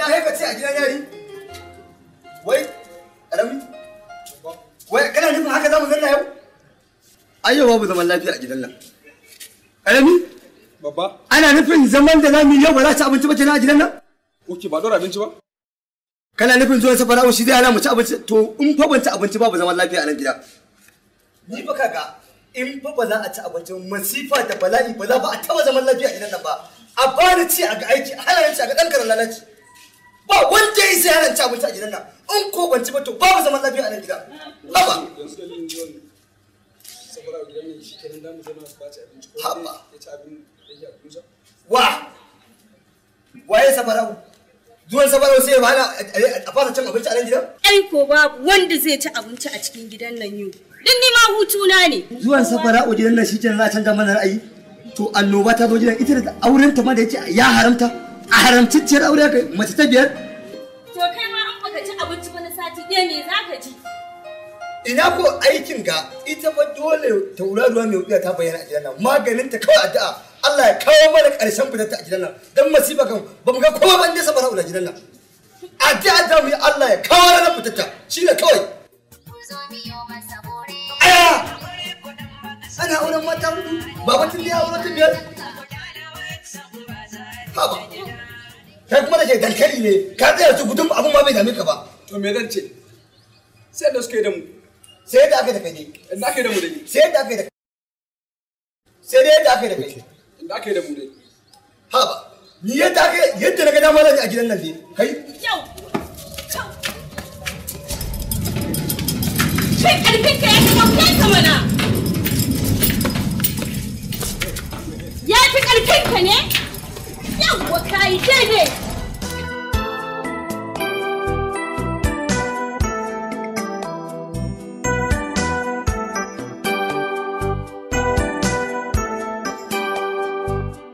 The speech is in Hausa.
gida sai ka ce a gidan yari wai karami wai kana nufin haka zamu zanna yau ayyo babu zaman lafiya a gidan nan karami babba ana nufin zaman da zamu yau ba za ci abinci ba kenan a gidan nan oke ba dora abinci ba kana nufin zuwa safara shi zai hana mu ci abinci to in fa ban ci abinci babu zaman lafiya a nan gida ni fa kaga in fa ba za a ci abinci masifa da bala'i ba za ba a taba zaman lafiya a gidan nan ba a bani ci a ga aiki a hana ci a ga dan karan lalaci ba wanda ya sai halarci abinci a gidan nan in ko ban ci ba to babu zaman lafiya a nan gida haba haba wa waye safarau zuwan safarau sai ya bana a fasa cin abinci a nan gidan ai ko babu wanda zai ci abinci a cikin gidan nan yau din ni ma hutuna ne zuwan safarau gidan nan shi kenan za a canza mana ra'ayi to annoba ta zo gidan ita da auren ta ma da yake ya haramta a ciyar aure kai mace ta biyar abinci wani sati ɗaya me za ka ji? Ina ko aikin ga ita fa dole ruwa mai wuya ta bayyana a gidan nan maganin ta kawai addu'a Allah ya kawo mana ƙarshen fitar ta a gidan nan dan masifa kan ba mu ga kowa ban da sabara a gidan nan. Addu'a da mu yi Allah ya kawo ranar fitar ta ne kawai. Aya! Ana auren mata hudu, tun da ya auren ta biyar. Haba, kai kuma da ke dankali ne, ka tsaya su gudun abun ma bai dame ka ba. me zan ce sai da suka da mu sai da da kai da mu dai sai da sai da da kai da mu dai ha ba ni yadda yadda na ga dama a gidan nan dai kai yau ka ya fi ƙarfin ka mana? Ya fi ka ne? yi daidai!